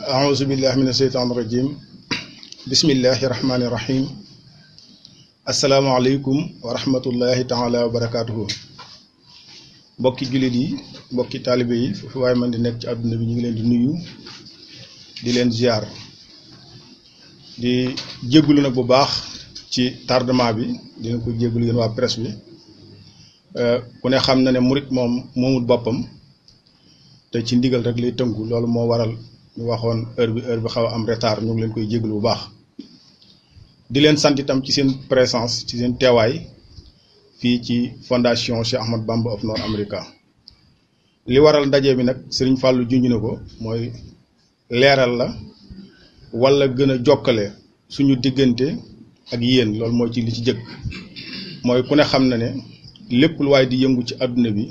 أعوذ بالله من الشيطان الرجيم بسم الله الرحمن الرحيم السلام عليكم ورحمة الله mbokki jullit yi mbokki taalibe yi foofu waaye man di nekk ci àdduna bi ñu ngi leen di nuyu di leen ziar di jégalu nag bu baax ci tardement bi dina ko jégalu yéen waa presse bi euh, ku ne xam na ne murit moom moomut boppam te ci ndigal rek lay tënku loolu moo waral ñu waxoon heure bi heure bi xaw a am retard ñu ngi leen koy jéglu bu baax di leen sant itam ci seen présence ci seen teewaay fii ci fondation Cheikh Ahmad Bamba of North America li waral ndaje bi nag Sëriñ Fàllu junj na ko mooy leeral la wala gën a jokkale suñu diggante ak yéen loolu mooy ci li ci jëkk mooy ku ne xam na ne lépp lu waay di yëngu ci àdduna bi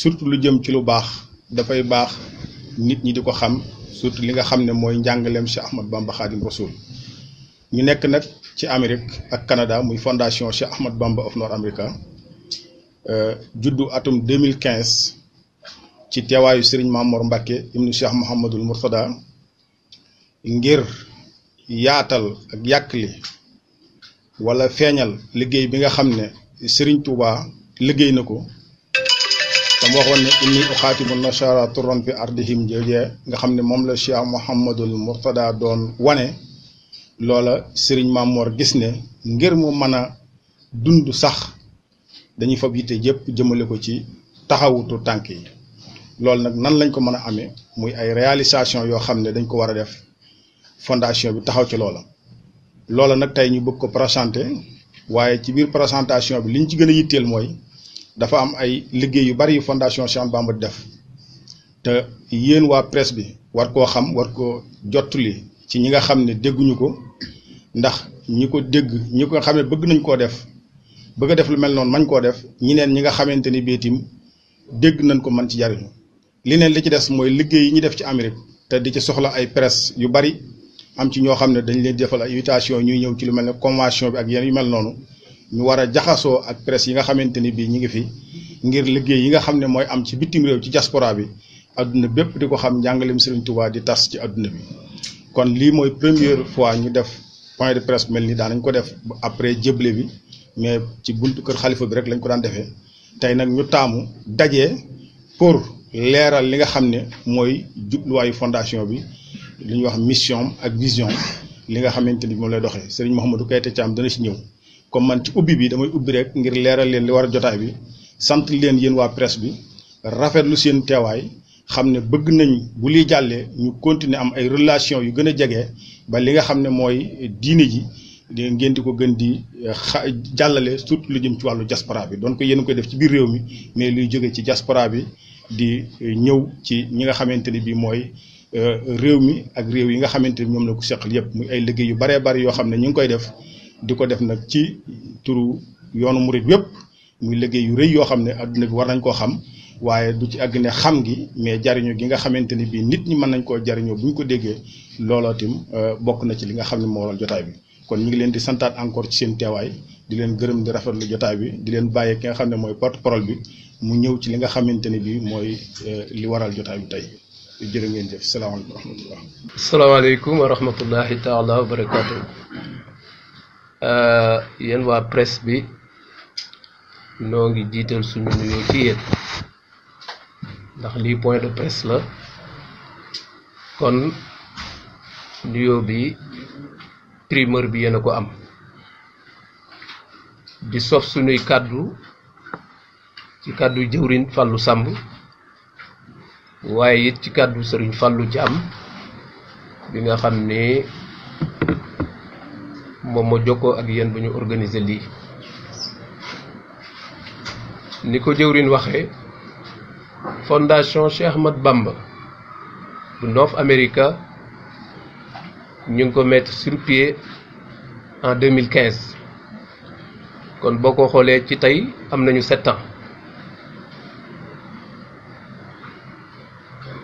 surtout lu jëm ci lu baax dafay baax nit ñi di ko xam surtout li nga xam ne mooy njàngaleem Cheikh Ahmad Bamba Khadim Rasoul ñu nekk nag ci Amérique ak Canada muy fondation Cheikh Ahmad Bamba of North America euh, juddu atum ci teewaayu Serigne Mamour Mbacke ibnu Cheikh Mouhamadul Mourtada ngir yaatal ak yàkkli wala feeñal liggéey bi nga xam ne Serigne Touba liggéey na ko. te mu waxoon ne inni uxaatibu nasara turan fi ardihim joojee nga xam ne moom la Cheikh Mouhamadul Mourtada doon wane loola Serigne Mamor gis ne ngir mu mën a dund sax dañuy fab yitte jëpp jëmale ko ci taxawutu tànk yi loolu nag nan lañ ko mën a amee muy ay réalisation yoo xam ne dañ ko war a def fondation bi taxaw ci loola loola nag tey ñu bëgg ko présenté waaye ci biir présentation bi liñ ci gën a yitteel mooy dafa am ay liggéey yu bari yu fondation Cheikh Bamba def te yéen waa press bi war koo xam war ko koo jottuli ci ñi nga xam ne dégguñu ko ndax ñi ko dégg ñi ko xamee bëgg nañ koo def bëgg a def lu mel noonu mañ koo def ñi neen ñi nga xamante ni biitim dégg nañ ko man ci jariñu li neen li ci des mooy liggéey yi ñu def ci Amérique te di ci soxla ay presse yu bari am ci ñoo xam ne dañu leen defal ay invitation ñuy ñëw ci lu mel ne convention bi ak yéen yu mel noonu ñu war a jaxasoo ak presse yi nga xamante ni bii ñu ngi fi ngir liggéey yi nga xam ne mooy am ci bitim réew ci jaspora bi adduna bépp di ko xam njàngaleem Serigne Touba di tas ci adduna bi. kon lii mooy première fois ñu def point de presse mel ni daanañ ko def après jéble bi mais ci buntu kër xalifa bi rek lañ ko daan defee tey nag ñu taamu daje pour leeral li nga xam ne mooy jubluwaayu fondation bi li ñu wax mission ak vision li nga xamante ni moom lay doxee Serigne Mouhamadou Keita Thiam dana ci ñëw. comme man ci ubbi bi damay ubbi rek ngir leeral leen li war a jotaay bi sant leen yéen waa presse bi rafetlu seen teewaay xam ne bëgg nañ bu liy jàllee ñu continuer am ay relation yu gën a jege ba li nga xam ne mooy diine ji ngeen di ko gën di xa jàllale surtout lu jëm ci wàllu diaspora bi doon ko yéen koy def ci biir réew mi mais luy jóge ci diaspora bi di ñëw ci ñi nga xamante ni bii mooy euh, réew mi ak réew yi nga xamante ni ñoom la ko seqal yépp muy ay liggéey yu baree bari yoo xam ne ñu ngi koy def. di ko def nag ci turu yoonu murit wépp muy liggéey yu rëy yoo xam ne adduna bi war nañ koo xam waaye du ci àgg ne xam gi mais jariñu gi nga xamante ni bii nit ñi mën nañ koo jariñoo bu ñu ko déggee looloo tim euh, bokk na ci li nga xam ne moo waral jotaay bi kon ñu ngi leen di santaat encore ci seen teewaay di leen gërëm di rafetlu jotaay bi di leen bàyyee ki nga xam ne mooy porte parole bi mu ñëw ci li nga xamante ni bii mooy euh, li waral jotaay bi tey jërë ngeen jëf salaamaaleykum wa rahmatullah Euh, yéen waa presse bi noo ngi jiital suñu nuyoo ci yéen ndax lii point de presse la kon nuyoo bi primeur bi yéen a ko am di sof suñuy kàddu ci kàddu jëwriñ Fallou Samb waaye it ci kàddu sëriñ Fallou Thiam bi nga xam ni moom moo jokkoo ak yéen bu ñu organiser lii ni ko jëwrin waxee fondation Cheikh Ahmad Bamba bu North America ñu ngi ko mettre sur pied en 2015 kon boo ko xoolee ci tey am nañu sept ans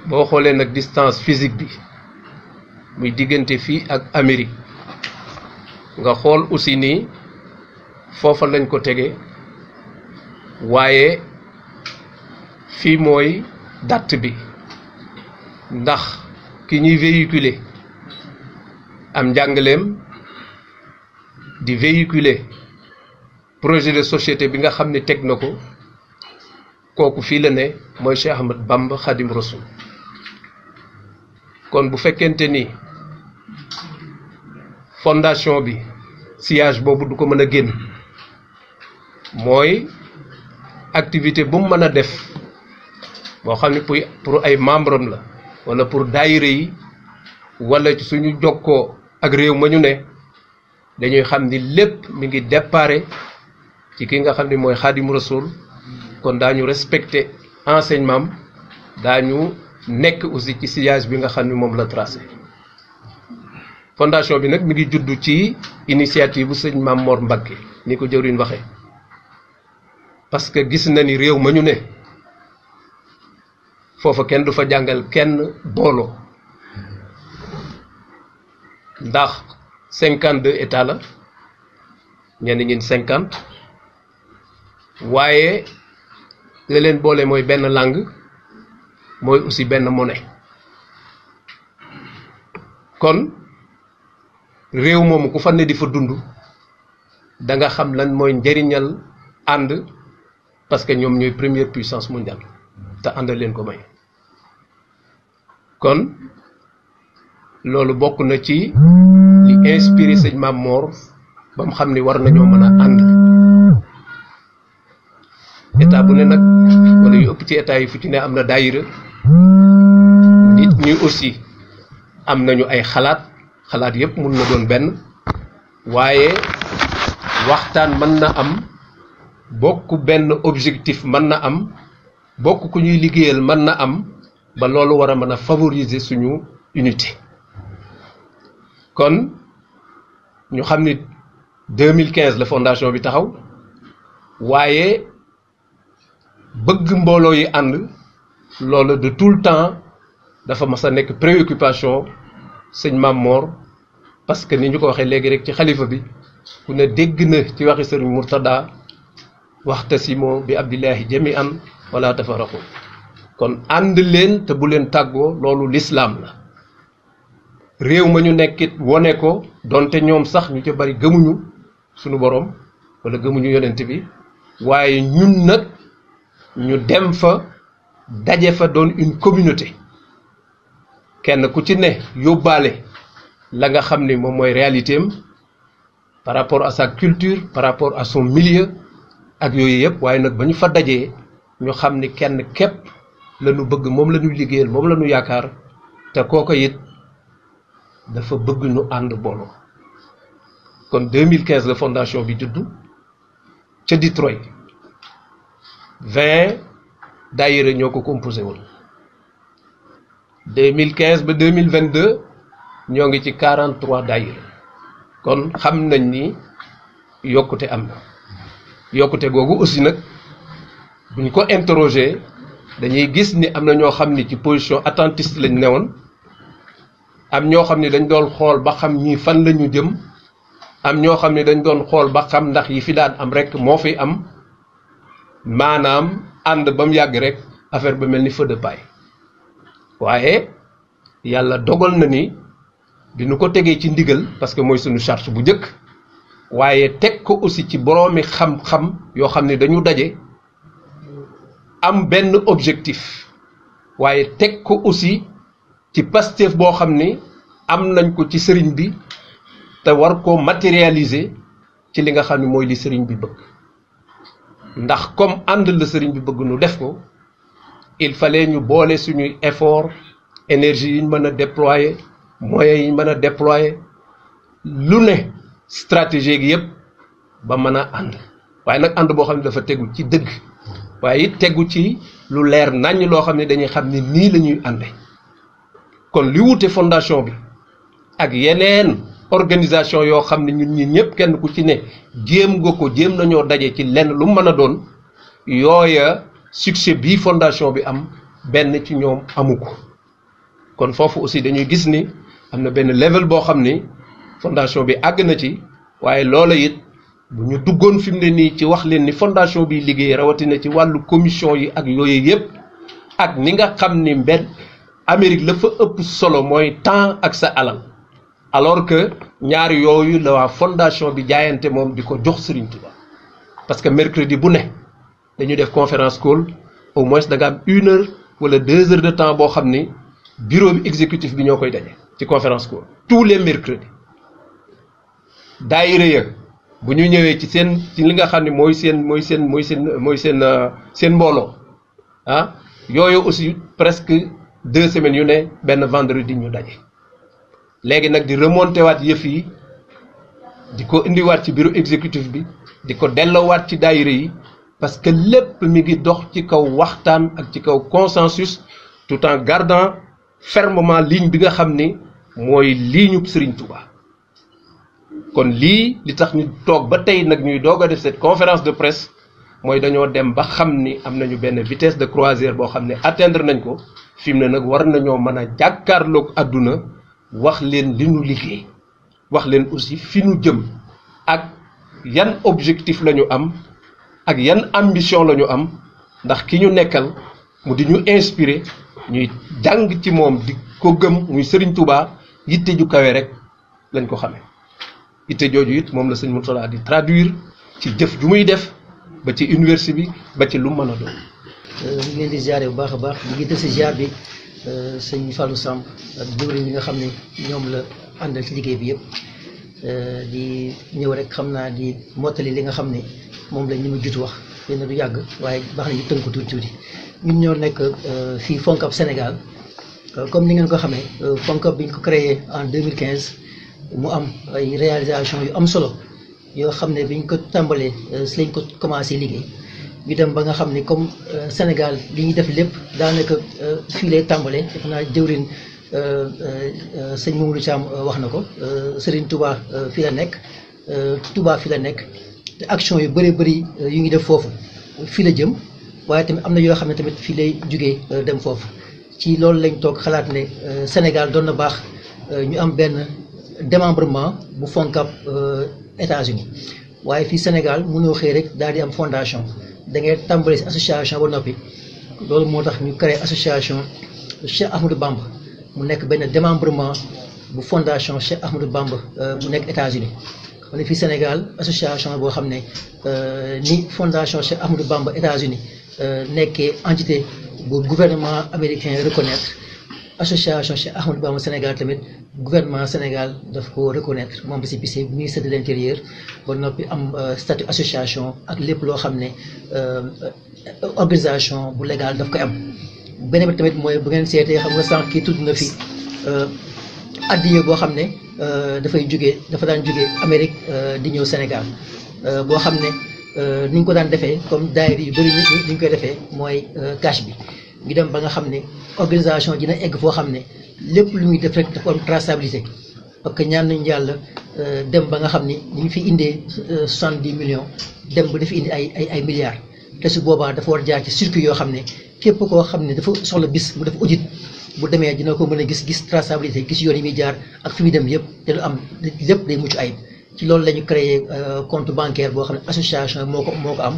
boo xoolee nag distance physique bi muy diggante fii ak amerique nga xool aussi nii foofa lañ ko tege waaye fii mooy date bi ndax ki ñuy véhiculer am njàngaleem di véhiculer projet de société bi nga xam ne teg na ko kooku fii la ne mooy Cheikh Ahmad Bamba Khadim Rasoul kon bu fekkente ni fondation bi sillage boobu du ko mën a génn mooy activité bu mu mën a def moo xam ne pour pour ay membre am la wala pour daayira yi wala ci suñu jokkoo ak réew ma ñu ne dañuy xam ni lépp mi ngi déparé ci ki nga xam ne mooy xaadimu rasul kon daañu respecté enseignement am daañu nekk aussi ci sillage bi nga xam ne moom la tracé fondation bi nag mi ngi juddu ci initiative bu sëñ Maam Mor Mbacke ni ko jëwriñ waxe parce que gis na ni réew ma ñu ne foofa kenn du fa jàngal kenn booloo ndax cinquante deux états la ñenn ñin cinquante waaye la leen boole mooy benn langue mooy aussi benn monnaie kon. réew moomu ku fa ne di fa dund danga xam lan mooy njëriñal ànd parce que ñoom ñooy première puissance mondiale te ànd leen ko may kon loolu bokk na ci li inspiré sëñ Maam Moor ba mu xam ni war nañoo mën a ànd état bu ne nag wala yu ëpp ci état yi fu ci ne am na daayira nit ñi aussi am nañu ay xalaat xalaat yëpp mun na doon benn waaye waxtaan mën na am bokk benn objectif mën na am bokk ku ñuy liggéeyal mën na am ba loolu war a mën a favoriser suñu unité kon ñu xam ni 2015 la fondation bi taxaw waaye bëgg mbooloo yi ànd loolu de tout le temps dafa mas a nekk préoccupation sëñ Mamor parce que ni ñu ko waxee léegi rek ci xalifa bi ku ne dégg na ci waxi sëriñ Murtada waxtasimo bi abdillahi jami an wala tafaraqu kon ànd leen te bu leen tàggoo loolu lislaam la réew ma ñu nekkit wone ko donte ñoom sax ñu ci bari gëmuñu sunu boroom walla gëmuñu yonent bi waaye ñun nag ñu dem fa daje fa doon une communauté kenn ku ci ne yóbbaale la nga xam ni moom mooy réalité am par rapport à sa culture par rapport a son milieu ak yooyu yëpp waaye nag ba ñu fa dajee ñu xam ni kenn képp la ñu bëgg moom la ñu liggéeyal moom la yaakaar te kooko it dafa bëgg ñu ànd booloo kon 2015 la fondation bi juddu ca Detroit 20 daayira ñoo ko composé woon 2015 ba 2022. ñoo ngi ci 43 daayira kon xam nañ ni yokkute am na yokkute googu aussi nag buñ ko interroger dañuy gis ni am na ñoo xam ni ci position attentiste lañ newoon am ñoo xam ni dañ doon xool ba xam ñii fan la ñu jëm am ñoo xam ni dañ doon xool ba xam ndax yi fi daan am rek moo fi am maanaam ànd ba mu yàgg rek affaire ba mel ni feu de paille waaye yàlla dogal na ni bi nu ko tegee ci ndigal parce que mooy sunu charge bu njëkk waaye teg ko aussi ci boroomi xam-xam yoo xam ne dañu daje am benn objectif waaye teg ko aussi ci Pastef boo xam ni am nañ ko ci sëriñ bi te war ko matérialiser ci li nga xam ni mooy li sëriñ bi bëgg ndax comme ànd la sëriñ bi bëgg nu def ko il fallait ñu boole suñuy effort énergie yi ñu mën a déployer moyens yi mën a déployer lu ne stratégie gi yëpp ba mën a ànd waaye nag ànd boo xam ne dafa tegu ci dëgg waaye it tegu ci lu leer naññ loo xam ne dañuy xam ne nii lañuy ñuy ànde kon li wute fondation bi ak yeneen organisation yoo xam ne ñun ñi ñëpp kenn ku ci ne jéem nga ko jéem nañoo daje ci lenn lu mën a doon yooya succès bii fondation bi am benn ci ñoom amu ko kon foofu aussi dañuy gis ni am na benn level boo xam ni fondation bi àgg na ci waaye loola it bu ñu duggoon fi mu ne nii ci wax leen ni fondation bi liggéey rawatina ci wàllu commission yi ak yooyu yëpp ak ni nga xam ni mbedd Amérique la fa ëpp solo mooy temps ak sa alal alors que ñaar yooyu la waa fondation bi jaayante moom di ko jox Serigne Touba parce que mercredi bu ne dañuy def conférence call au moins da nga am une heure wala deux heures de temps boo xam ni bureau bi exécutif bi ñoo koy daje. ci conférence ko tous les mercredis daayira ya bu ñu ñëwee ci seen ci li nga xam ne mooy seen mooy seen mooy seen mooy seen euh, seen mbooloo ah yooyu aussi presque deux semaines yu ne benn vendredi ñu daje léegi nag di remonté waat yëf yi di ko indiwaat ci bureau exécutif bi di ko delloowaat ci daayira yi parce que lépp mi ngi dox ci kaw waxtaan ak ci kaw consensus tout en gardant fermement ligne bi nga xam ni mooy ligne bu Serigne Touba kon lii li tax ñu toog ba tey nag ñuy doog a def cette conférence de presse mooy dañoo dem ba xam ni am nañu benn vitesse de croisière boo xam ne atteindre nañ ko fi mu ne nag war nañoo mën a jàkkaarloog àdduna wax leen li ñu liggéey wax leen aussi fi ñu jëm ak yan objectif la ñu am ak yan ambition la ñu am ndax ki ñu nekkal mu di ñu inspirer. ñuy jàng ci moom di ko gëm muy Serigne Touba yitte ju kawe rek lañ ko xamee yitte jooju it moom la sëñ motolaa di traduire ci jëf ju muy def ba ci université bi ba ci lu mën a doon. Euh, leen di ziare bu baax a baax di jiite si ziar bi euh, sëñ Fallou Samb ak jëwriñ yi nga xam ne ñoom la àndal ci liggéey bi yëpp euh, di ñëw rek xam naa di mottali li nga xam ne moom la ñu ma jut wax yéen du yàgg waaye baax na ñu ko tuuti tuuti. ñun ñoo nekk euh, fii FONCAB Sénégal euh, comme ni ngeen ko xamee euh, FONCAB bi ñu ko créé en 2015 mu am ay réalisation yu am solo yoo xam ne bi ñu ko tàmbalee si lañ ko commencé liggéey ñu dem ba nga xam ne comme Sénégal li ñuy def lépp daanaka fii lay tàmbalee def naa jëwrin sëñ Mamadou Thiam wax na ko Serigne tubaa fii la nekk tubaa fi la nekk te action yu bëri bëri yu ngi def foofu fii la jëm waaye tamit am na yoo xam ne tamit fii lay jugee euh, dem foofu ci loolu lañ toog xalaat ne euh, Sénégal doon na baax euh, ñu am benn démembrement bu FONCAB États-Unis waaye fii Sénégal mënoo xëy rek daal di am fondation da ngay tàmbali si association loolu moo tax ñu créé association Cheikh Ahmadou Bamba mu nekk benn démembrement bu fondation Cheikh Ahmadou Bamba mu nekk États-Unis mu ne fii Sénégal association boo xam ne ni fondation Cheikh Ahmadou Bamba États-Unis Euh, nekkee entité bu gouvernement américain reconnaître association Cheikh Ahmadou Bamba Sénégal tamit gouvernement Sénégal daf ko reconnaître moom bi si bisee ministère de l' intérieur ba noppi am euh, statut association ak lépp loo xam ne euh, organisation bu légal daf koy am beneen bi tamit mooy bu ngeen seetee xam nga sànq kii tudd na fi addiye boo xam ne dafay jóge dafa daan jógee Amérique di ñëw Sénégal boo xam ne Euh, ni ñu ko daan defee comme daayira yu bëri ni ñu koy defee mooy euh, cash bi ngi dem ba nga xam ne organisation dina egg foo xam ne lépp lu muy def rek dafa am parce que ñaan nañu yàlla euh, dem ba nga xam ne ñu ngi fi indee soixante di million dem ba def indi ay ay ay milliards te su boobaa dafa war jaar ci circuit yoo xam ne képp koo xam ne dafa soxla bis bu def audit bu demee dina ko mën a gis gis traçabilité gis yoon yi muy jaar ak fi muy dem yëpp te lu am lépp day mucc ayib. ci loolu la ñu créé euh, compte bancaire boo xam ne association moo ko moo ko am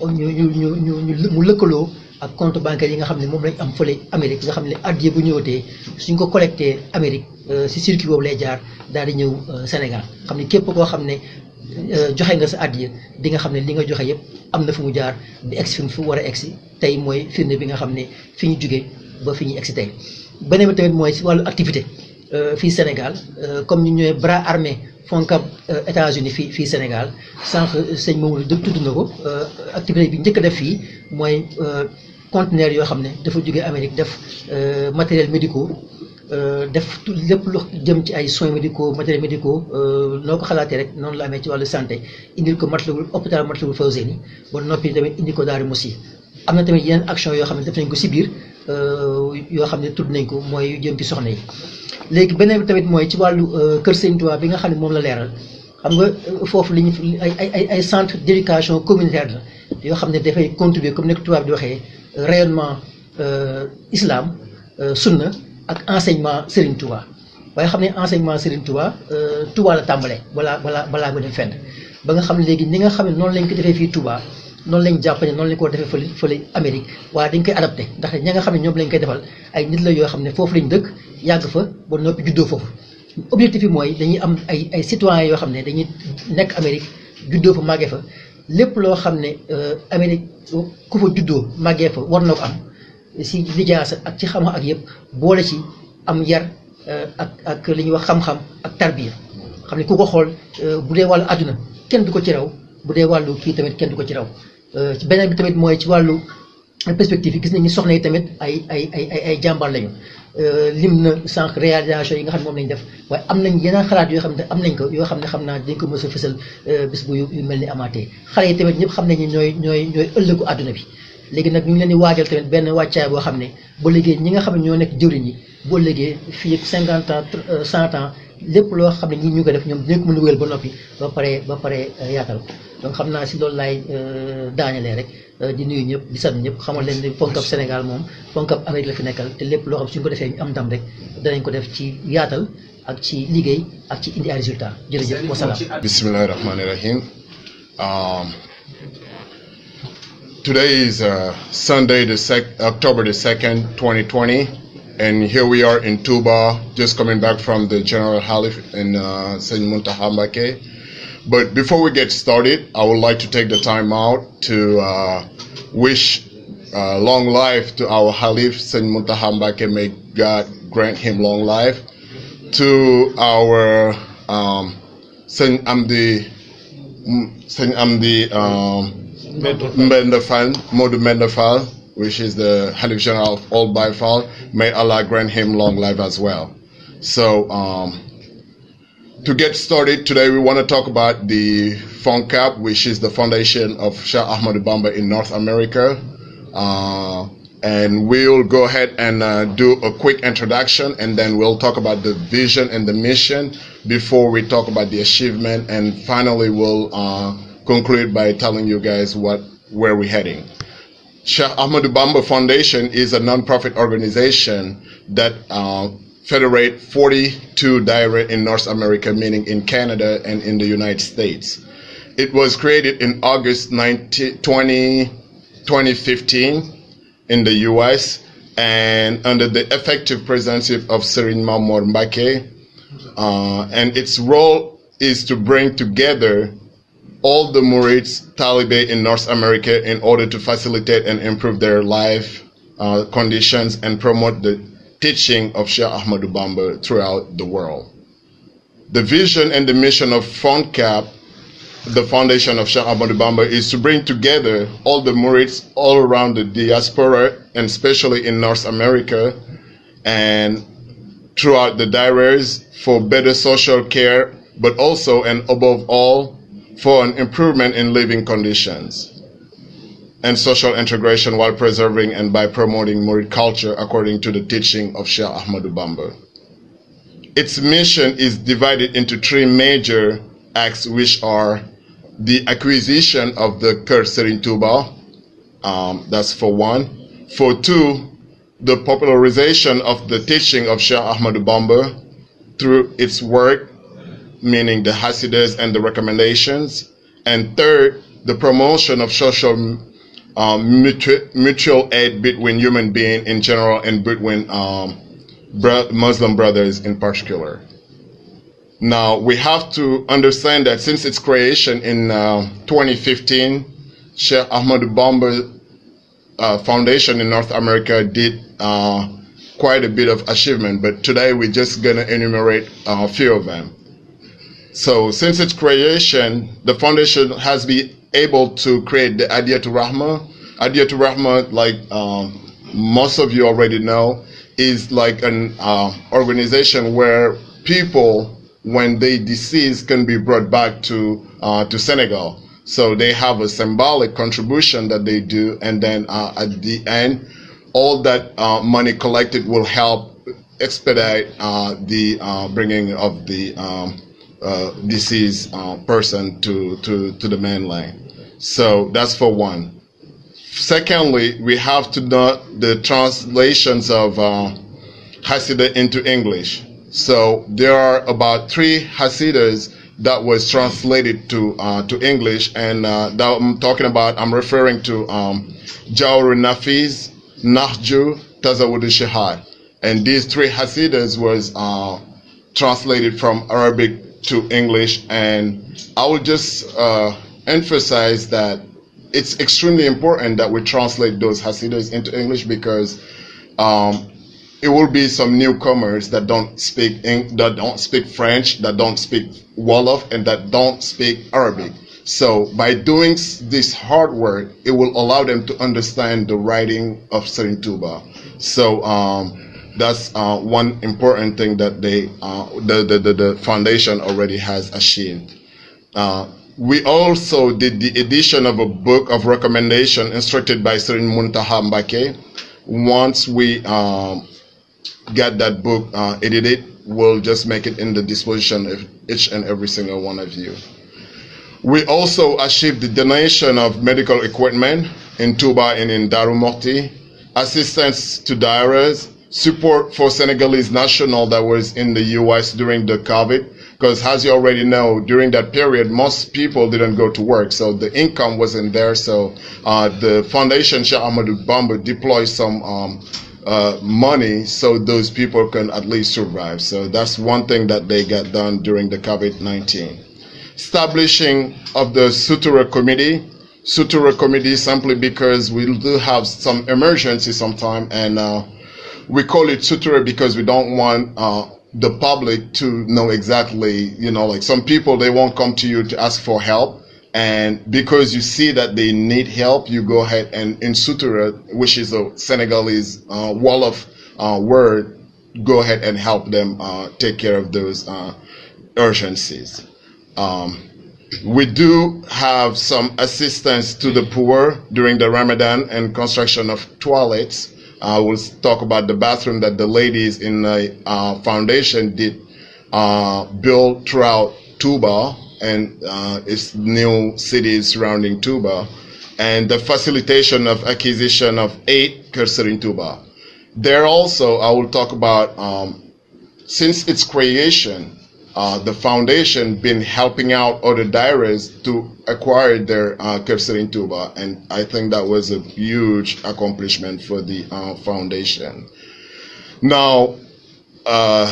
ñu ñu ñu ñu mu lëkkaloo ak compte bancaire yi nga xam ne moom lañ am fële Amérique nga xam ne addiya bu ñëwatee suñ ko collecté Amérique euh, si circuit boobu lay jaar daal di ñëw euh, Sénégal xam ne képp koo xam ne joxe nga sa addiya di nga xam ne li nga joxe yëpp am na fu mu jaar di egsi fi mu fu war a egsi tey mooy firnde bi nga xam ne fi ñu jóge ba fi ñu egsi tey beneen bi tamit mooy si wàllu activité fii Sénégal comme ñu ñëwee bras armé FONCAB euh, États-Unis fii fii Sénégal sànq euh, sëñ Mamadou dëgg tudd na ko euh, activité bi njëkk a def fii mooy conteneur yoo xam ne dafa jógee Amérique def matériel médicaux def lépp lu jëm ci ay soins médicaux matériels médicaux noo ko xalaatee rek noonu la amee ci wàllu santé indil ko Matlaboul hôpital Matlaboul Fawzeyni ba noppi tamit indi ko Darou Moussi am na tamit yeneen action yoo xam ne def nañ ko si biir Euh, yoo xam ne tudd nañ ko mooy yu jëm ci soxna yi léegi beneen bi tamit mooy ci wàllu euh, kër Sëñ Tuubaa bi nga xam ne moom la leeral xam nga euh, foofu li ñu ay ay ay centre d'éducation communautaire la yoo xam ne dafay contribuer comme nekk tubaab di waxee rayonnement islam sunna ak enseignement Serigne Touba waaye xam ne enseignement Serigne Touba Touba la tàmbale balaa balaa balaa ko ba nga xam ne léegi ni nga xam ne noonu lañ ko defee fii Touba noonu lañ jàpp noonu lañ ko defee fële fële Amérique waaye dañ koy adapté ndax ña nga xam ne ñoom lañ koy defal ay nit la yoo xam ne foofu lañu dëkk yàgg fa ba noppi juddo foofu objectif bi mooy dañuy am ay ay citoyens yoo xam ne dañuy nekk Amérique juddoo fa màggee fa lépp loo xam ne euh, Amérique ku fa juddoo màggee fa war na ko am si lijaasa ak ci xam-xam ak yëpp boole si am yar euh, ak ak li ñuy wax xam-xam ak tarbiya xam ne ku ko xool euh, bu dee wàllu àdduna kenn du ko ci raw bu dee wàllu kii tamit kenn du ko ci raw Euh, ci beneen bi tamit mooy ci wàllu perspective yi gis nañ ni soxna yi tamit ay ay ay ay ay jàmbaar lañu euh, lim na sànq réalisation yi nga xam ne moom def waaye am nañ yeneen xalaat yoo xam ne am nañ ko yoo xam ne xam naa dañ ko mos euh, yu mel ni amaatee xale yi tamit ñëpp xam nañ ni ñooy ñooy àdduna bi léegi nag ñu ngi leen di waajal benn wàccaay boo xam ne bu liggéey ñi nga xam ne ñoo nekk jëriñ ñi boo liggéey fii cinquante ans cent ans lépp loo xam ne ñi ñu ko def ñoom dinañ ko ba noppi ba pare ba pare yaatal donc xam naa si loolu laay euh, daañalee rek euh, di nuyu ñëpp di sant ñëpp xamal leen ni fonkab Sénégal moom fonkab Amérique la fi nekkal te lépp loo xam suñ ko defee ñu am ndam rek danañ ko def ci yaatal ak ci liggéey ak ci indi ay résultat jërëjëf wasalaam bismillahi rahmani rahim um, today is uh, Sunday, the Tuba, just coming back from the General Halif in uh, St. Muntaha But before we get started, I would like to take the time out to uh, wish uh, long life to our Halif Sen Muntahambake. May grant him long life. To our um, Amdi, Sen Amdi um, Mendefal, Modu which is the Halif General of Old Bifal. May Allah grant him long life as well. Um, to get started today, we want to talk about the FONCAP, which is the foundation of Shah Ahmad in North America. Uh, and we'll go ahead and uh, do a quick introduction and then we'll talk about the vision and the mission before we talk about the achievement. And finally, we'll uh, conclude by telling you guys what where we're heading. Shah Ahmad Bamba Foundation is a nonprofit organization that uh, federate 42 diarrhea in North America, meaning in Canada and in the United States. It was created in August 19, 20, 2015 in the US and under the effective presidency of Serine Mamor uh, and its role is to bring together all the Murids Taliban in North America in order to facilitate and improve their life uh, conditions and promote teaching of Sheikh Ahmadu Bamba throughout the world. The vision and the mission of FONCAP, the foundation of Sheikh Ahmadu Bamba, is to bring together all the Murids all around the diaspora especially in North America and throughout the diaries for better social care, but also and above all for an improvement in living conditions. and social integration while preserving and by promoting Murid culture according to the teaching of Sheikh Ahmadu Bamba. Its mission is divided into three major acts which are the acquisition of the Kurserin Tuba, um, that's for one. For two, the popularization of the teaching of Sheikh Ahmadu Bamba through its work, meaning the Hasidas and the recommendations. And third, the promotion of social Um, mutual, aid between human beings in general and between um, Muslim brothers in particular. Now, we have to understand that since its creation in uh, 2015, Sheikh Ahmad Bamba uh, Foundation in North America did uh, quite a bit of achievement, but today we're just going to enumerate a uh, few of them. since its creation, the foundation has been able to create the Adiyatul Rahma. Adiyatul Rahma, like um, most of you already know, is like an uh, organization where people, when they deceased, can be brought back uh, to Senegal. So they have a symbolic contribution that they do, and then uh, at the end, all that money collected will help expedite the bringing of the um, uh, deceased uh, person to, to, to the mainland. So that's for one. Secondly, we have to know the translations of uh, into English. So there are about three Hasidas that was translated to uh, English, and uh, that I'm talking about. I'm referring to um, Nafiz, Nahju, Tazawud Shihad, and these three Hasidas was uh, translated from Arabic to English. And I will just uh, emphasize that it's extremely important that we translate those Hasidics into English because um, it will be some newcomers that don't speak speak French, that don't speak Wolof, and that don't speak Arabic. by doing this hard work, it will allow them to understand the writing of Serin that's uh, one important thing that uh, the, foundation already has achieved. Uh, we also did the edition of a book of recommendation instructed by Sirin Muntaha Once we um, get that book uh, edited, we'll just make it in the disposition of each and every single one of you. We also achieved the donation of medical equipment in Tuba and in Darumorti, assistance to diarists, support for Senegalese national that was in the U.S. during the COVID. Because as you already know, during that period, most people didn't go to work. So the income wasn't there. So uh, the foundation, Shah Ahmadou Bamba, deployed some um, uh, money so those people can at least survive. So that's one thing that they got done during the COVID-19. Establishing of the Sutura Committee, Sutura Committee simply because we do have some emergency sometime and uh, we call it suture because we don't want uh, the public to know exactly, you know, some people, they won't come to you to ask for help. And because you see that they need help, you go ahead and in sutura, which is a Senegalese uh, wall of uh, word, go ahead and help them uh, take care of those uh, urgencies. Um, we do have some assistance to the poor during the Ramadan and construction of toilets. Uh, we'll talk about the bathroom that the ladies in the uh, foundation did uh, build throughout Tuba and uh, its new cities surrounding Tuba, and the facilitation of acquisition of eight cursor Tuba. There also, I will talk about um, since its creation, Uh, the foundation been helping out other dairies to acquire their uh, tuba, and I think that was a huge accomplishment for the uh, foundation. Now, uh,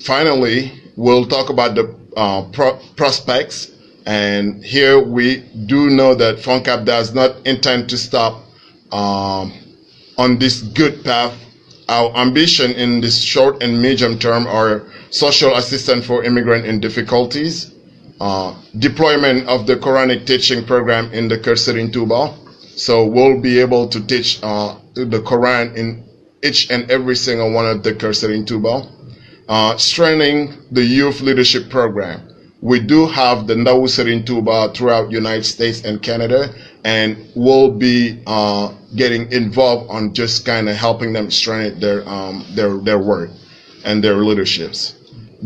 finally, we'll talk about the uh, prospects, and here we do know that FunCap does not intend to stop um, on this good path Our ambition in this short and medium term are social assistance for immigrant in difficulties, uh, deployment of the Quranic teaching program in the Kurserin Tuba. So we'll be able to teach uh, the Quran in each and every single one of the Kurserin Tuba. Uh, the youth leadership program. We do have the Ndawuserin Tuba throughout United States and Canada, and we'll be uh, getting involved on just kind of helping them strengthen their um, and their leaderships.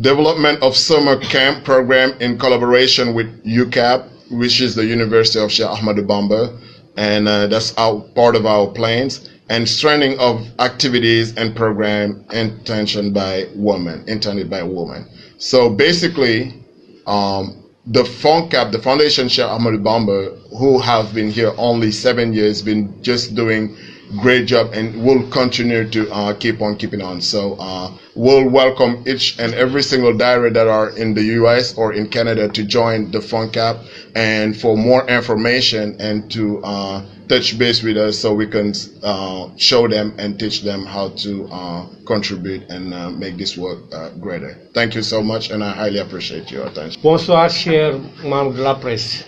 Development of summer camp program in collaboration with UCAP, which is the University of Sheikh Ahmadu Bamba, uh, that's our part of our plans. And strengthening of activities and program intention by women, intended by women. So basically, um, the FONCAP, the Foundation Cheikh Ahmadou Bamba, who have been here only seven years, been just doing great job and will continue to uh, keep on keeping on. So uh, we'll welcome each and every single diary that are in the US or in Canada to join the FunCap and for more information and to uh, touch base with us so we can uh, show them and teach them how to uh, contribute and make this work greater. Thank you so much and I highly appreciate your attention. Bonsoir, chers membres de la presse.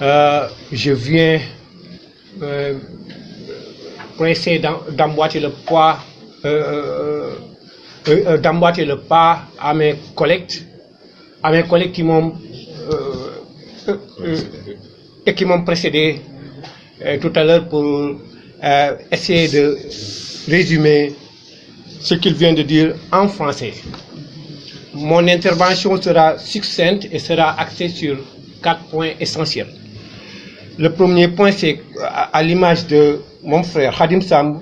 Euh, pour essayer d'emboîter le poids, euh, euh, euh, euh d'emboîter le pas à mes collègues, à mes collègues qui m'ont euh, précédé tout à l'heure pour essayer de résumer ce qu'il vient de dire en français. Mon intervention sera succincte et sera axée sur quatre points essentiels. Le premier point, c'est à l'image de mon frère Khadim Sam,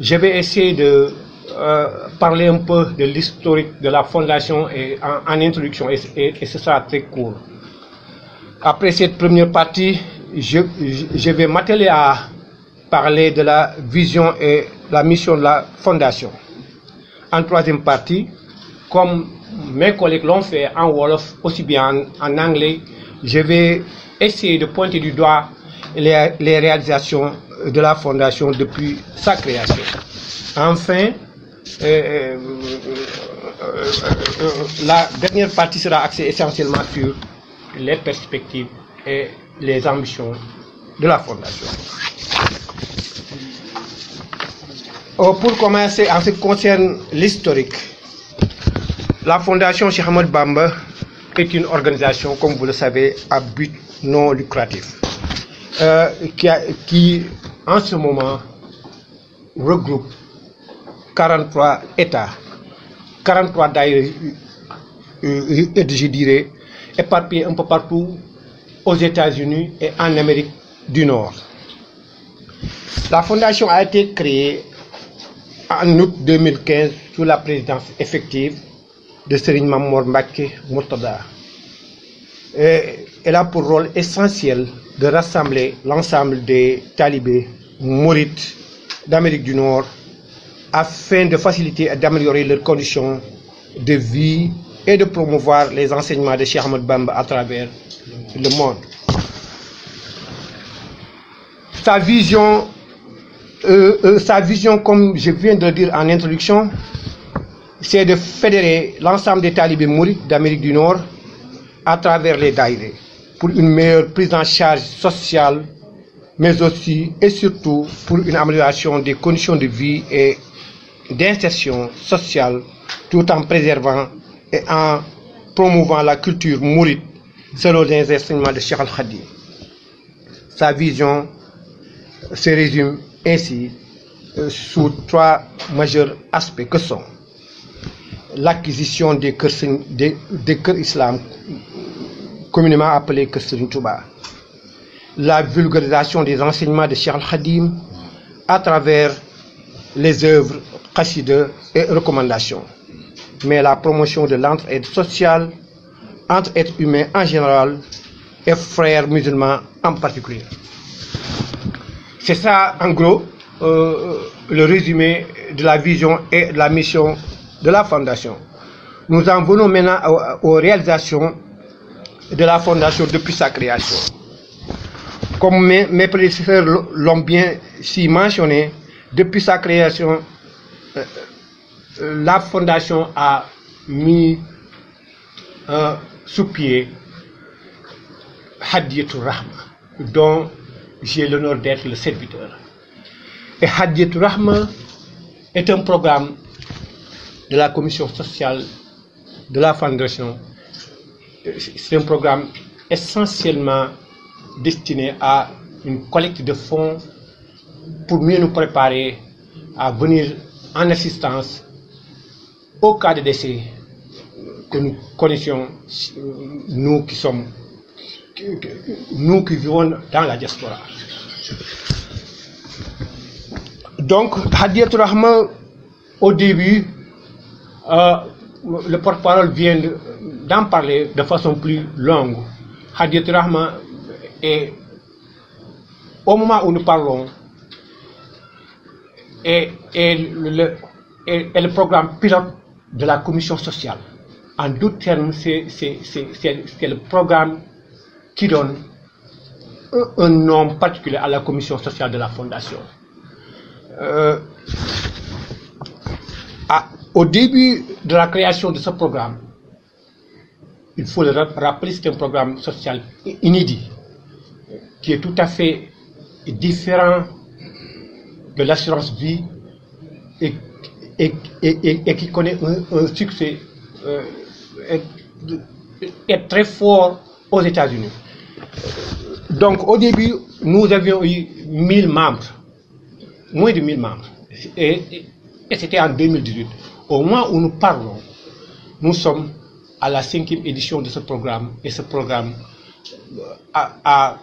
je vais essayer de euh, parler un peu de l'historique de la fondation et, en, en introduction, et, et, et, ce sera très court. Après cette première partie, je, je vais m'atteler à parler de la vision et la mission de la fondation. En troisième partie, comme mes collègues l'ont fait en Wolof, aussi bien en, en anglais, je vais essayer de pointer du doigt et les réalisations de la Fondation depuis sa création. Enfin, euh, euh, euh, la dernière partie sera axée essentiellement sur les perspectives et les ambitions de la Fondation. Pour commencer, en ce qui concerne l'historique, la Fondation Cheikh Ahmed est une organisation, comme vous le savez, à but non lucratif. euh, qui, a, en ce moment, regroupe 43 États, 43 d'ailleurs, euh, je dirais, éparpillés un peu partout aux États-Unis en Amérique du Nord. La fondation la présidence effective de Serigne Mamour euh, pour rôle essentiel de rassembler l'ensemble des talibés mourites d'Amérique du Nord afin de faciliter et d'améliorer leurs conditions de vie et de promouvoir les enseignements de Cheikh Ahmed Bamba à travers le monde. Sa vision, euh, euh, comme je viens de le dire en introduction, c'est de fédérer l'ensemble des talibés mourites d'Amérique du Nord à travers les daïrés. pour une meilleure prise en charge sociale, mais aussi et surtout pour une amélioration des conditions de vie et d'insertion sociale, tout en préservant et en promouvant la culture mouride selon les enseignements de Cheikh Al-Khadi. Sa vision se résume ainsi euh, sous trois majeurs aspects que sont l'acquisition des cœurs, des, des cœurs communément appelé Kër Serigne Touba. La vulgarisation des enseignements de Cheikh Al-Khadim à travers les œuvres Khassideux et recommandations. Mais la promotion de l'entraide sociale entre êtres humains en général et frères musulmans en particulier. C'est ça, en gros, euh, le résumé de la vision et de la mission de la Fondation. Nous en venons maintenant aux réalisations de la fondation depuis sa création. Comme mes, mes prédécesseurs l'ont bien si mentionné, depuis sa création, euh, euh, la fondation a mis euh, sous pied Hadiyatul Rahma, dont j'ai l'honneur d'être le serviteur. Et Hadiyatul Rahma est un programme de la commission sociale de la fondation c'est un programme essentiellement destiné à une collecte de fonds pour mieux nous préparer à venir en assistance au cas de décès que nous connaissions, nous qui sommes, dans la diaspora. Donc, Hadiatul Rahman, au début, euh, le porte-parole vient d'en parler de façon plus longue. Hadith Rahman est au moment où nous parlons est, le, programme pilote de la commission sociale. En d'autres termes, c'est le programme qui donne un, un, nom particulier à la commission sociale de la fondation. Euh, Au début de la création de ce programme, il faut le rappeler, c'est un programme social inédit, qui est tout à fait différent de l'assurance vie et, qui connaît un, un succès euh, est très fort aux États-Unis. Donc au début, nous avions eu 1000 membres, moins de mille membres, et, et c'était en 2018. Au moment où nous parlons, nous sommes à la cinquième édition de ce programme et ce programme euh, a, a,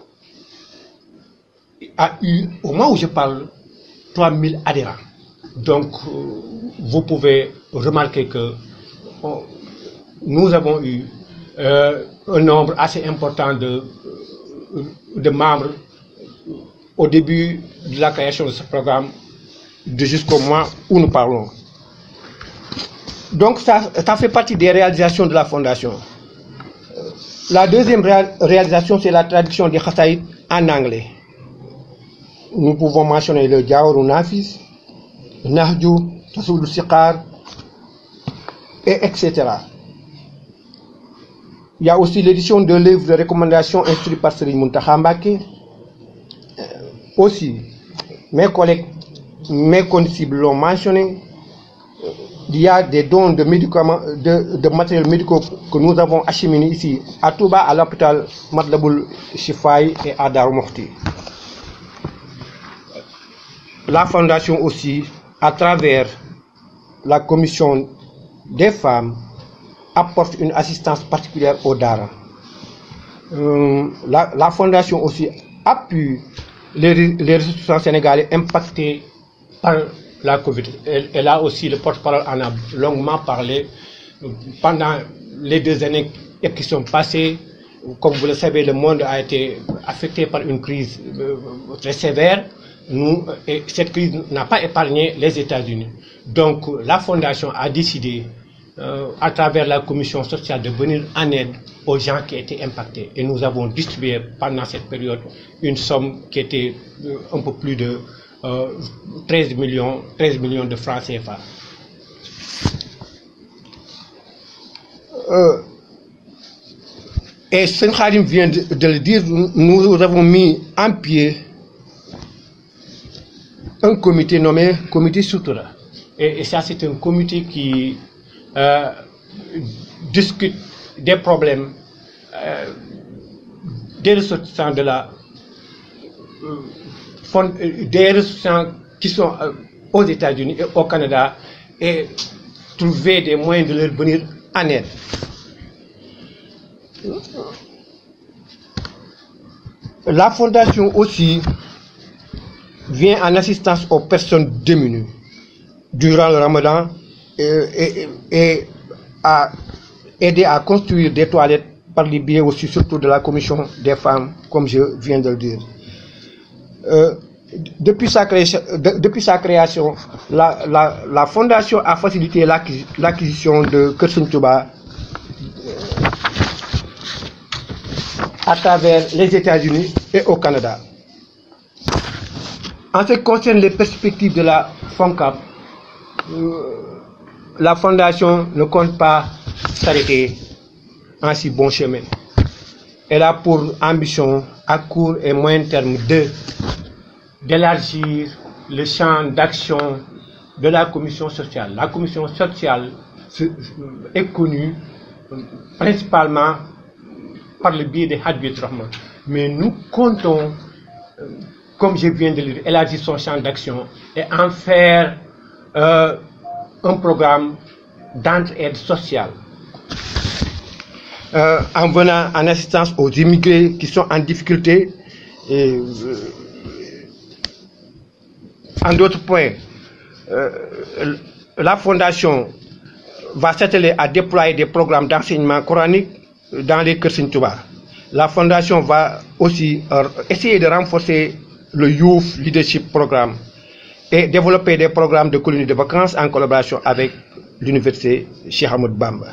a eu, au moment où je parle, 3000 adhérents. Donc, euh, vous pouvez remarquer que on, nous avons eu euh, un nombre assez important de, euh, de membres au début de la création de ce programme, de jusqu'au mois où nous parlons. Donc ça, ça fait partie des réalisations de la fondation. La deuxième réalisation, c'est la traduction des Khasaïd en anglais. Nous pouvons mentionner le Diaor Nafis, Nahju, Tasoudou Sikar, et etc. Il y a aussi l'édition de livres de recommandations instruits par Sri Muntahambake. Euh, aussi, mes collègues, mes condisciples l'ont mentionné, il y a des dons de médicaments, de, de matériels médicaux que nous avons acheminés ici, à Touba, à l'hôpital Madlaboul Shifaï et à Darumorti. La Fondation aussi, à travers la Commission des femmes, apporte une assistance particulière aux Dara. Euh, la, Fondation aussi a les, les ressources sénégalais impactés la COVID. Et, et là aussi, le porte-parole en a longuement parlé pendant les deux années qui sont passées. Comme vous le savez, le monde a été affecté par une crise euh, très sévère. Nous, euh, et cette crise n'a pas épargné les États-Unis. Donc, la Fondation a décidé, euh, à travers la Commission sociale, de venir en aide aux gens qui étaient impactés. Et nous avons distribué pendant cette période une somme qui était euh, un peu plus de Euh, treize millions treize millions de francs CFA. Euh, et Seigne Khadim vient de, de le dire, nous avons mis en pied un comité nommé Comité Soutura. Et, et c'est un comité qui euh, discute des problèmes euh, des ressortissants de la fond, euh, des ressources qui sont euh, aux États-Unis et au Canada et trouver des moyens de leur venir en aide. La fondation aussi vient en assistance aux personnes démunies durant le ramadan et, et, et à aider à construire des toilettes par les biais aussi surtout de la commission des femmes, comme je viens de le dire. Euh, depuis sa, création, depuis sa la, la, la, fondation a facilité l'acquisition de Kersun Touba euh, à travers les États-Unis et au Canada. En ce qui concerne les perspectives de la FONCAP, euh, la fondation ne compte pas s'arrêter en bon chemin. Elle a pour ambition à court et moyen terme de d'élargir le champ d'action de la commission sociale. La commission sociale euh, est connue principalement par le biais des Hadbit Mais nous comptons, euh, comme je viens de le dire, élargir son champ d'action et en faire euh, un programme d'entraide sociale. en venant en assistance aux immigrés qui sont en difficulté En d'autres points, euh, la Fondation va s'atteler à déployer des programmes d'enseignement coranique dans les Kersin Touba. La Fondation va aussi euh, essayer de renforcer le Youth Leadership Programme et développer des programmes de colonies de vacances en collaboration avec l'université Cheikh Hamoud Bamba.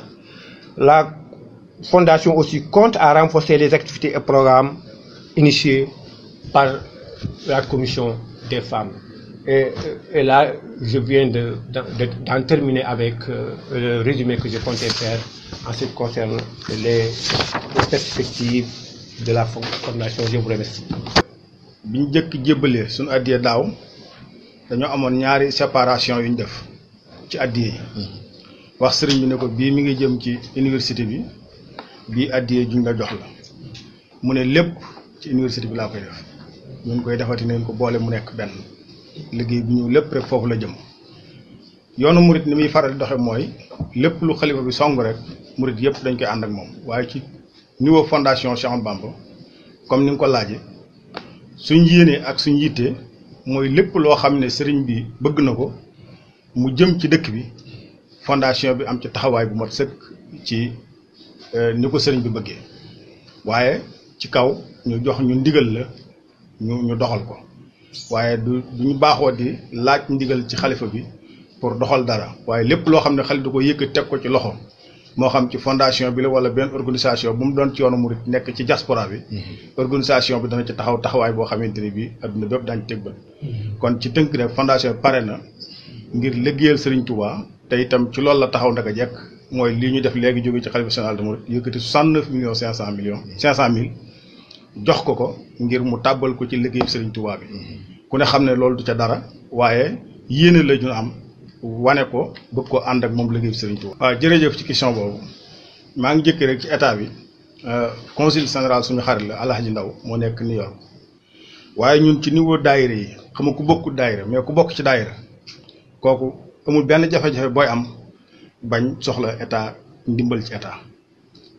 La Fondation aussi compte à renforcer les activités et programmes initiés par la Commission des femmes. Et, euh, et, là, je viens de, de, terminer avec euh, le résumé que je comptais faire en ce qui concerne les perspectives de la fondation. Je vous remercie. bi ñu jëkk jébbalee suñu addiyee daaw dañoo amoon ñaari séparation yu ñu def ci addiyee yi wax sëriñ bi ne ko bii mi ngi jëm ci université bi bii addiyee juñ la jox la mu ne lépp ci université bi laa koy def ñun koy defati nañ ko boole mu nekk benn liggéey bi ñu lépp rek foofu la jëm yoonu murit ni muy faral doxe mooy lépp lu xalifa bi song rek murit yëpp dañ koy ànd ak moom waaye ci niveau fondation Cheikh Ahmadou Bamba comme ni nga ko laaje suñ yéenee ak su yittee mooy lépp loo xam ne sëriñ bi bëgg na ko mu jëm ci dëkk bi fondation bi am ci taxawaay bu mat sëkk ci euh, ni ko sëriñ bi bëggee waaye ci kaw ñu jox ñu ndigal la ñu ñu doxal ko waaye du duñu baaxoo di laaj ndigal ci xalifa bi pour doxal dara waaye lépp loo xam ne xalifa du ko yëkkat teg ko ci loxo moo xam ci fondation bi la wala benn organisation bu mu doon ci yoonu murit nekk ci diaspora bi mhm. organisation bi dana ci taxaw taxawaay boo xamante ni bii àdduna bépp daañu teg bët kon ci tënk rek fondation bi pare na ngir liggéeyal Serigne Touba te itam ci lool la taxaw ndaka jekk mooy lii ñu def léegi jóge ci xalifa général de murit cent millions cinq cent mille jox ko ko ngir mu tàbbal ko ci liggéeyub sëriñ Tuubaa bi ku ne xam ne loolu du ca dara waaye yéene la ñu am wane ko bëgg ko ànd ak moom liggéeyub sëriñ Tuubaa waaw jërëjëf ci question boobu maa ngi jëkk rek ci état bi euh, consil général suñu xarit la Alhaji Ndaw moo nekk New York waaye ñun ci niveau daayira yi xam nga ku bokkul daayira mais ku bokk ci daayira kooku amul benn jafe-jafe booy am bañ soxla état ndimbal ci état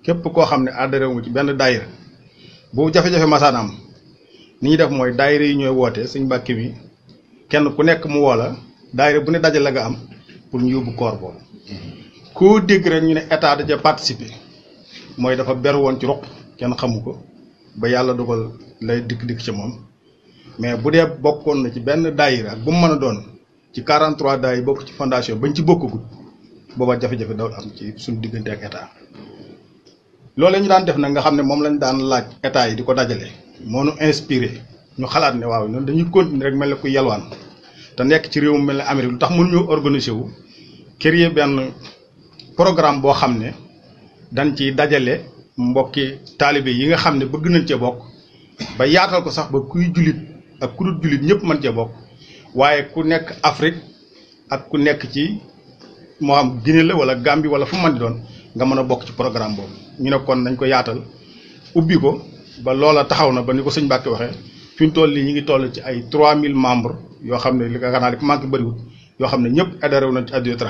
képp koo xam ne adhéré wu ci benn daayira bu jafe-jafe masaan am ni ñuy def mooy daayira yi ñooy woote suñ mbàkki bi kenn ku nekk mu woo la daayira bu ne daje nga am pour ñu yóbbu koor boobu koo dégg rek ñu ne état da ca mooy dafa ber woon ci ruq kenn xamu ko ba yàlla dogal lay dikk-dikk ci moom mais bu dee bokkoon na ci benn daayira ak bu mu mën a doon ci 43 daayira bokk ci fondation bañ ci bokkagul booba jafe-jafe daw am ci suñu diggante ak état loolu la ñu daan def na nga xam ne moom lañu daan laaj état yi di ko dajale moo nu inspiré ñu xalaat ne waaw ñun dañuy continuer rek mel ne ku yalwaan te nekk ci réew mu mel ne Amérique lu tax mënuñu organiser wu créer benn programme boo xam ne dañ ciy dajale mbokki taalibe yi nga xam ne bëgg nañ cee bokk ba yaatal ko sax ba kuy jullit ak ku dul jullit ñëpp mën cee bokk waaye ku nekk Afrique ak ku nekk ci moo xam Guinée la wala Gambie wala fu mën di doon nga mën a bokk ci programme boobu ñu ne kon nañ ko yaatal ubbi ko ba loola taxaw na ba ni ko suñ Mbàkke waxee fi mu toll nii ñu ngi toll ci ay mille membre yoo xam ne li nga xanaa li ko manqué bëriwul yoo xam ne ñëpp adhéré wu nañ ci Adiyatou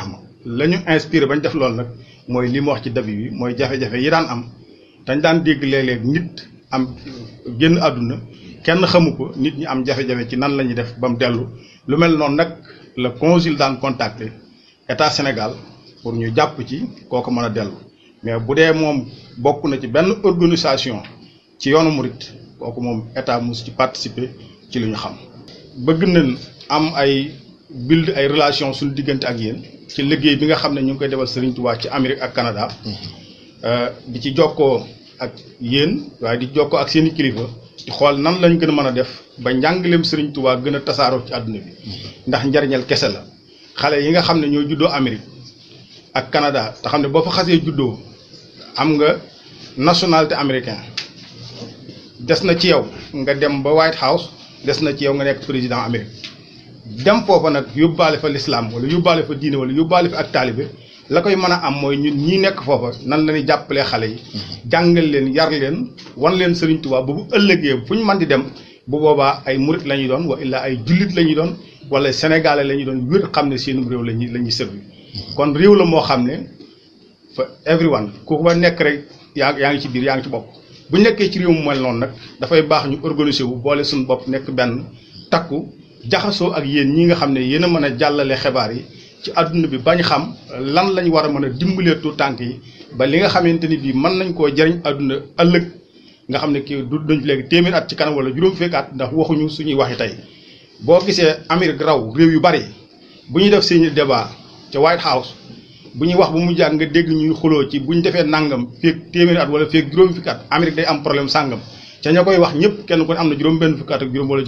la ñu inspiré bañ def loolu nag mooy lii mu wax ci dabi bi mooy jafe-jafe yi daan am dañ daan dégg léeg-léeg nit am génn àdduna kenn xamu ko nit ñi am jafe-jafe ci nan la ñuy def ba mu dellu lu mel noonu nag le consul daan contacter état Sénégal pour ñu jàpp ci kooku mën a dellu mais bu dee moom bokk na ci benn organisation ci yoonu murit kooku moom état mos ci participer ci lu ñu xam. bëgg nañ am ay build ay relation suñu diggante ak yéen ci liggéey bi nga xam ne ñu ngi koy defal Serigne Touba ci Amérique ak Canada. Euh, di ci jokkoo ak yéen waaye di jokkoo ak seen i kilifa. xool nan lañ gën a mën a def ba njàngaleem Serigne Touba gën a tasaaroo ci àdduna bi. ndax njariñal kese la. xale yi nga xam ne ñoo juddoo Amérique ak Canada te xam ne boo fa juddoo. am nga nationalité américain des na ci yow nga dem ba White House des na ci yow nga nekk président Amérique dem foofa nag yóbbaale fa lislaam wala yóbbaale fa diine wala yóbbaale fa ak taalibe la koy mën a am mooy ñu ñi nekk foofa nan la ñuy jàppalee xale yi mm-hmm. jàngal leen yar leen wan leen Sëriñ Tuubaa bu bu ëllëgee fu ñu man di dem bu boobaa ay murit la ñuy doon wa illaa ay jullit la ñuy doon wala sénégalais la doon wér xam ne seen réew la ñuy la ñuy servi mm-hmm. for everyone kooku ba nekk rek yaa yaa ngi ci biir yaa ngi ci bopp bu nekkee ci réew mu mel noonu nag dafay baax ñu organiser wu boole suñu bopp nekk benn takku jaxasoo ak yéen ñi nga xam ne yéen a mën a jàllale xibaar yi ci àdduna bi bañ xam lan lañu war a mën a dimbalee tu tànk yi ba li nga xamante ni bii mën nañ koo jariñ àdduna ëllëg nga xam ne kii du duñ léegi téeméer at ci kanam wala juróom fekk at ndax waxuñu suñuy waxi tey boo gisee Amérique raw réew yu bari bu ñuy def seeni débat ca White House bu ñuy wax bu mu jàng nga dégg ñuy xuloo ci bu ñu defee nangam feeg téeméeri at wala feeg juróom fukki at Amérique day am problème sàngam ca ña koy wax ñëpp kenn ku am na juróom benn fukki at ak juróom wala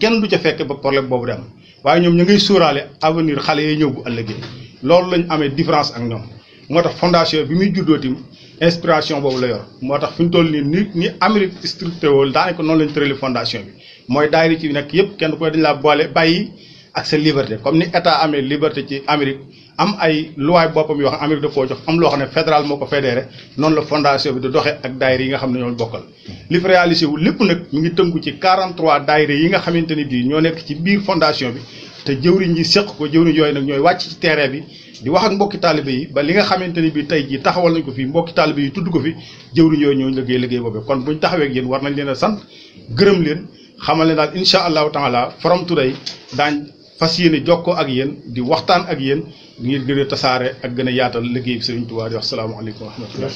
kenn du ca fekke ba problème boobu di am ñoom ñu ngay sóoraale avenir xale yee ñëw bu ëllëgee loolu lañ amee différence ak ñoom moo tax fondation bi muy juddoo tim inspiration boobu la yor moo tax fi ñu toll nii ni ni Amérique structuré woon daanaka noonu lañ tërali fondation bi mooy daayira ci nekk yëpp kenn ku dañ laa boole bàyyi ak sa liberté comme ni état amee liberté ci Amérique am ay luwaay boppam yoo xam Amérique da koo jox am loo xam ne fédéral moo ko fédéré noonu la fondation bi di doxee ak daayira yi nga xam ne ñoo bokkal li fi wu lépp nag mu ngi tënku ci 43 daayira yi nga xamante ni bii ñoo nekk ci biir fondation bi te jëwriñ ji séq ko jëwriñ yooyu nag ñooy wàcc ci terrain bi di wax ak mbokki taalibe yi ba li nga xamante ni bii tey jii taxawal nañ ko fii mbokki taalibe yi tudd ko fi jëwriñ yooyu ñoo liggéey liggéey boobee kon buñ taxawee ak yéen war nañ leen a sant gërëm leen xamal ne daal incha allahu taala Forum Touray daañ fas yéene jokkoo ak yéen di waxtaan ak yéen ngir gën a tasaare ak gën a yaatal liggéey bi Sëriñ Tuubaa di wax salaamaaleykum wa rahmatullah